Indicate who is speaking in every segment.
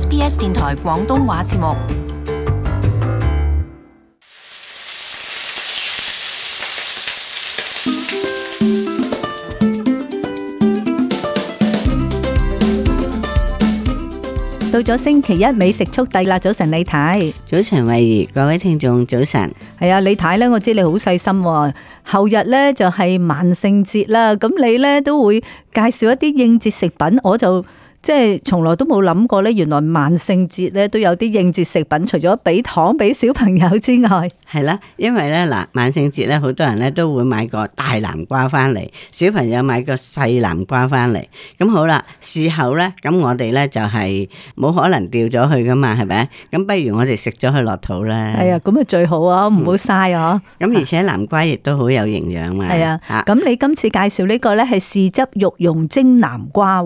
Speaker 1: SBS 電台廣東話節目。到咗星期一美食速遞啦！早晨李太，早晨惠儀，各位聽眾早晨。係啊，李太咧，我知你好細心。後日咧就係萬聖節啦，咁你咧都會介紹一啲應節食品，我就。即係從來都冇諗過呢。原來萬聖節咧都有啲應節食品，除咗俾糖俾小朋友之外，係啦，
Speaker 2: 因為呢嗱，萬聖節咧好多人呢都會買個大南瓜翻嚟，小朋友買個細南瓜翻嚟，咁好啦，事後呢，咁我哋呢就係冇可能掉咗去噶嘛，係咪？咁不如我哋食咗佢落肚啦。係啊、
Speaker 1: 哎，咁啊最好啊，唔好嘥嗬。咁、啊、而且
Speaker 2: 南瓜亦都好有營養嘛。係的啊，
Speaker 1: 咁你今次介紹呢個呢係豉汁肉蓉蒸南瓜。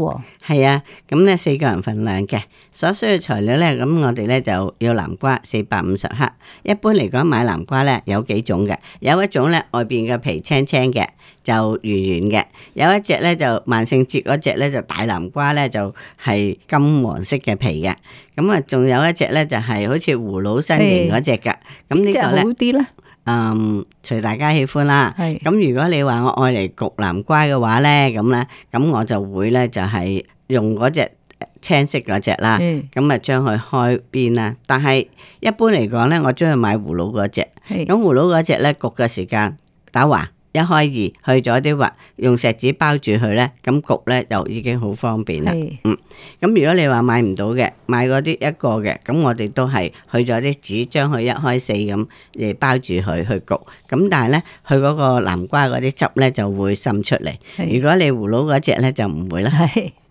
Speaker 2: 係啊。咁咧四個人份量嘅所需嘅材料咧，咁我哋咧就要南瓜四百五十克。一般嚟講買南瓜咧有幾種嘅，有一種咧外邊嘅皮青青嘅就圓圓嘅，有一隻咧就萬聖節嗰隻咧就大南瓜咧就係金黃色嘅皮嘅。咁啊，仲有一隻咧就係好似葫蘆身形嗰隻嘅。咁是呢個咧，好嗯，隨大家喜歡啦。咁是如果你話我愛嚟焗南瓜嘅話咧，咁咧咁我就會咧就係、是。用嗰隻青色嗰隻啦，咁啊、嗯、將佢開邊啦。但係一般嚟講呢，我中意買葫蘆嗰隻。咁是葫蘆嗰隻呢，焗嘅時間打橫一開二，去咗啲核，用錫紙包住佢呢。咁焗呢，就已經好方便啦。是嗯。咁如果你話買唔到嘅，買嗰啲一個嘅，咁我哋都係去咗啲紙，將佢一開四咁嚟包住佢去焗。咁但係呢，佢嗰個南瓜嗰啲汁呢，就會滲出嚟。是如果你葫蘆嗰隻呢，就唔會啦。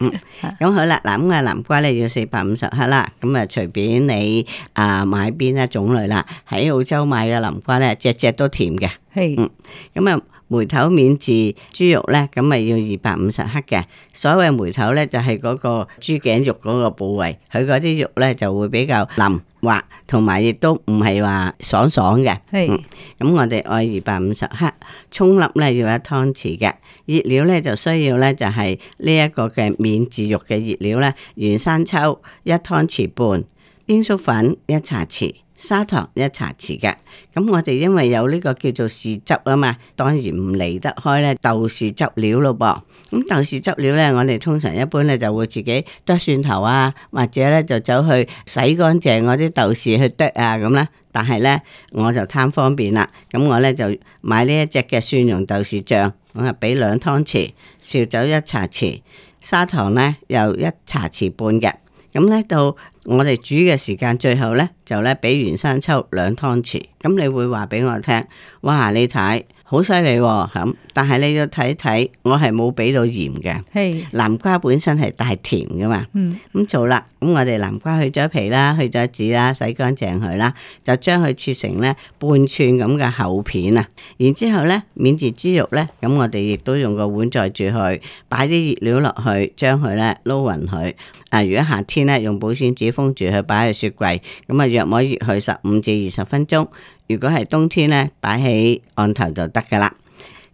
Speaker 2: 嗯，咁好啦，嗱，咁啊，南瓜咧要四百五十克啦，咁啊，隨便你啊買邊一種類啦，喺澳洲買嘅南瓜咧，只只都甜嘅，係，嗯，咁啊，梅頭免治豬肉咧，咁啊要二百五十克嘅，所謂梅頭咧，就係嗰個豬頸肉嗰個部位，佢嗰啲肉咧就會比較腍。滑，同埋亦都唔係話爽爽嘅。係是，咁、嗯、我哋愛二百五十克蔥粒咧，要一湯匙嘅熱料咧，就需要咧就係呢一個嘅免治肉嘅熱料咧，原生抽一湯匙半。罌粟粉一茶匙，砂糖一茶匙嘅。咁我哋因為有呢個叫做豉汁啊嘛，當然唔離得開呢豆豉汁料咯噃。咁豆豉汁料呢，我哋通常一般呢就會自己剁蒜頭啊，或者呢就走去洗乾淨嗰啲豆豉去剁啊咁啦。但係呢我就貪方便啦，咁我呢就買呢一隻嘅蒜蓉豆豉醬，我係俾兩湯匙，紹酒一茶匙，砂糖呢，又一茶匙半嘅。咁呢到。我哋煮嘅時間最後咧。就咧俾完生抽兩湯匙，咁你會話俾我聽，哇！你睇好犀利喎，咁、啊、但係你要睇睇，我係冇俾到鹽嘅。係的南瓜本身係帶甜噶嘛，嗯，咁做啦，咁我哋南瓜去咗皮啦，去咗籽啦，洗乾淨佢啦，就將佢切成咧半寸咁嘅厚片啊，然之後咧免治豬肉咧，咁我哋亦都用個碗載住佢，擺啲熱料落去，將佢咧撈匀佢。啊、呃，如果夏天咧用保鮮紙封住佢，擺喺雪櫃，咁啊入可以熱去十五至二十分鐘，如果係冬天呢，擺起案頭就得噶啦。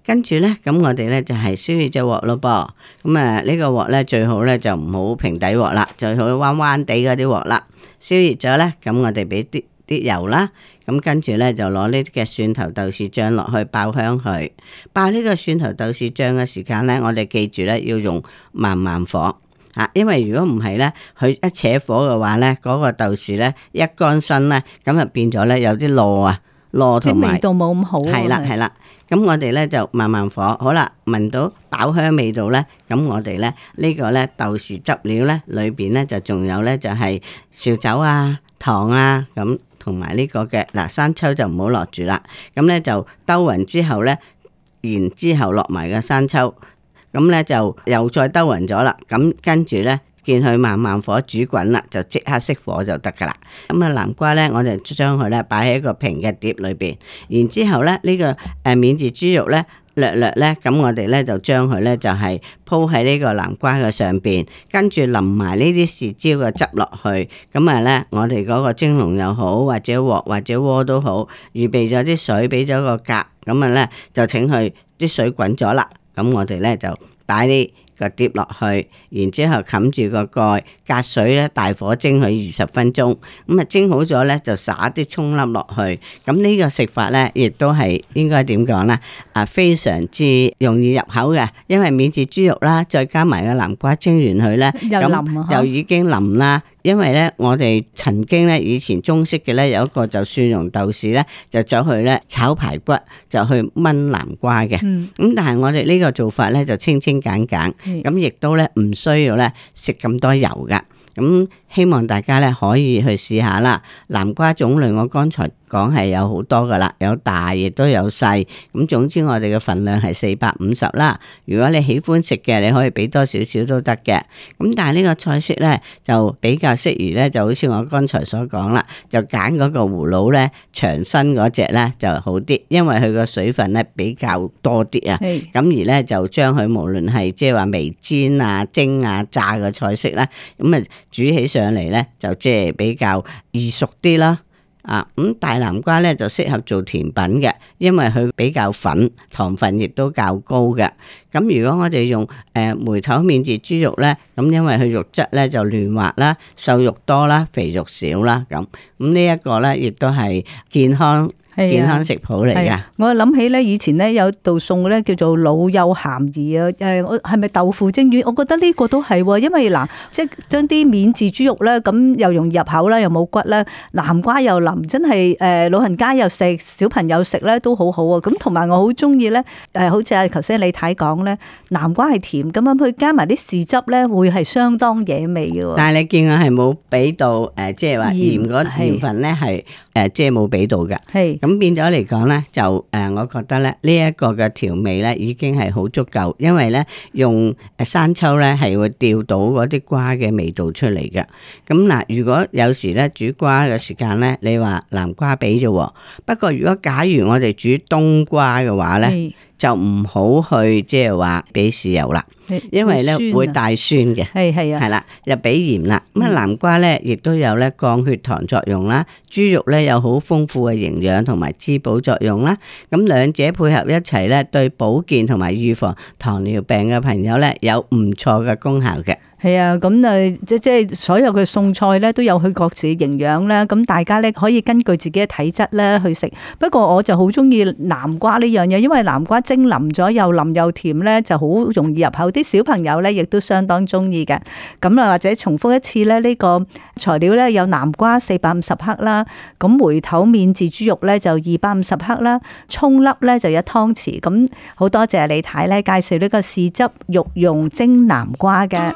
Speaker 2: 跟住呢，咁我哋呢就係燒熱隻鑊咯噃。咁啊，呢個鑊呢最好呢就唔好平底鑊啦，最好彎彎地嗰啲鑊啦。燒熱咗呢，咁我哋俾啲啲油啦。咁跟住呢就攞呢啲嘅蒜頭豆豉醬落去爆香佢。爆呢個蒜頭豆豉醬嘅時間呢，我哋記住呢要用慢慢火。啊，因為如果唔係咧，佢一扯火嘅話咧，嗰個豆豉咧一乾身咧，咁就變咗咧有啲糯，糯啊，糯同埋，味道冇咁好。係啦，係啦，咁我哋咧就慢慢火，好啦，聞到爆香味道咧，咁我哋咧呢個咧豆豉汁料咧裏邊咧就仲有咧就係紹酒啊、糖啊，咁同埋呢個嘅嗱生抽就唔好落住啦，咁咧就兜匀之後咧，然之後落埋個生抽。咁咧就又再兜匀咗啦，咁跟住咧見佢慢慢火煮滾啦，就即刻熄火就得噶啦。咁啊，南瓜咧，我哋將佢咧擺喺一個平嘅碟裏邊，然之後咧呢個誒免治豬肉咧略略咧，咁我哋咧就將佢咧就係鋪喺呢個南瓜嘅上邊，跟住淋埋呢啲豉椒嘅汁落去，咁啊咧我哋嗰個蒸籠又好，或者鑊或者鍋都好，預備咗啲水俾咗個格，咁啊咧就請佢啲水滾咗啦。咁我哋咧就擺啲。個碟落去，然之後冚住個蓋，隔水咧大火蒸佢二十分鐘。咁啊蒸好咗咧，就灑啲蔥粒落去。咁、這、呢個食法咧，亦都係應該點講咧？啊，非常之容易入口嘅，因為免治豬肉啦，再加埋個南瓜蒸完佢咧，咁又腍樣就已經腍啦。因為咧，我哋曾經咧以前中式嘅咧有一個就蒜蓉豆豉咧，就走去咧炒排骨，就去炆南瓜嘅。咁、嗯、但係我哋呢個做法咧就清清簡簡。咁亦都咧唔需要咧食咁多油噶，咁。希望大家咧可以去試下啦。南瓜種類我剛才講係有好多㗎喇，有大亦都有細。咁總之我哋嘅份量係四百五十啦。如果你喜歡食嘅，你可以俾多少少都得嘅。咁但係呢個菜式呢，就比較適宜呢，就好似我剛才所講啦，就揀嗰個葫蘆呢長身嗰隻呢就好啲，因為佢個水分呢比較多啲啊。咁是而呢，就將佢無論係即係話微煎啊、蒸啊、炸嘅菜式呢，咁啊煮起上嚟咧就即係比較易熟啲啦，啊咁、嗯、大南瓜咧就適合做甜品嘅，因為佢比較粉，糖分亦都較高嘅。咁、嗯、如果我哋用誒、呃、梅頭治豬、免、嗯、治、豬肉咧，咁因為佢肉質咧就嫩滑啦，瘦肉多啦，肥肉少啦咁。咁、嗯、這個、呢一個咧亦都係健康。健康食譜嚟噶，
Speaker 1: 我諗起咧以前咧有一道餸咧叫做老幼咸宜啊！誒，我係咪豆腐蒸魚？我覺得呢個都係喎，因為嗱，即係將啲免治豬肉咧，咁又容易入口啦，又冇骨啦，南瓜又腍，真係誒，老人家又食，小朋友食咧都好好啊！咁同埋我好中意咧，誒，好似啊頭先李太講咧，南瓜係甜，咁樣佢加埋啲豉汁咧，會係相當惹味嘅。但
Speaker 2: 係你見我係冇俾到誒，即係話鹽嗰鹽分咧係誒，即係冇俾到㗎。係。咁變咗嚟講咧，就誒，我覺得咧，呢一個嘅調味咧已經係好足夠，因為咧用生抽咧係會調到嗰啲瓜嘅味道出嚟嘅。咁嗱，如果有時咧煮瓜嘅時間咧，你話南瓜俾啫喎。不過如果假如我哋煮冬瓜嘅話咧，就唔好去即係話俾豉油啦，因為咧會帶酸嘅，係係啊，係啦又俾鹽啦。咁啊，南瓜咧亦都有咧降血糖作用啦，豬肉咧有好豐富嘅營養同埋滋補作用啦。咁兩者配合一齊咧，對保健同埋預防糖尿病嘅朋友咧，有唔錯嘅功效嘅。
Speaker 1: 係啊，咁啊，即即係所有嘅餸菜咧，都有佢各自嘅營養啦。咁大家咧可以根據自己嘅體質咧去食。不過我就好中意南瓜呢樣嘢，因為南瓜蒸腍咗又腍又甜咧，就好容易入口。啲小朋友咧亦都相當中意嘅。咁啊，或者重複一次咧，呢個材料咧有南瓜四百五十克啦，咁梅頭免治豬肉咧就二百五十克啦，葱粒咧就一湯匙。咁好多謝李太咧介紹呢個豉汁肉茸蒸南瓜嘅。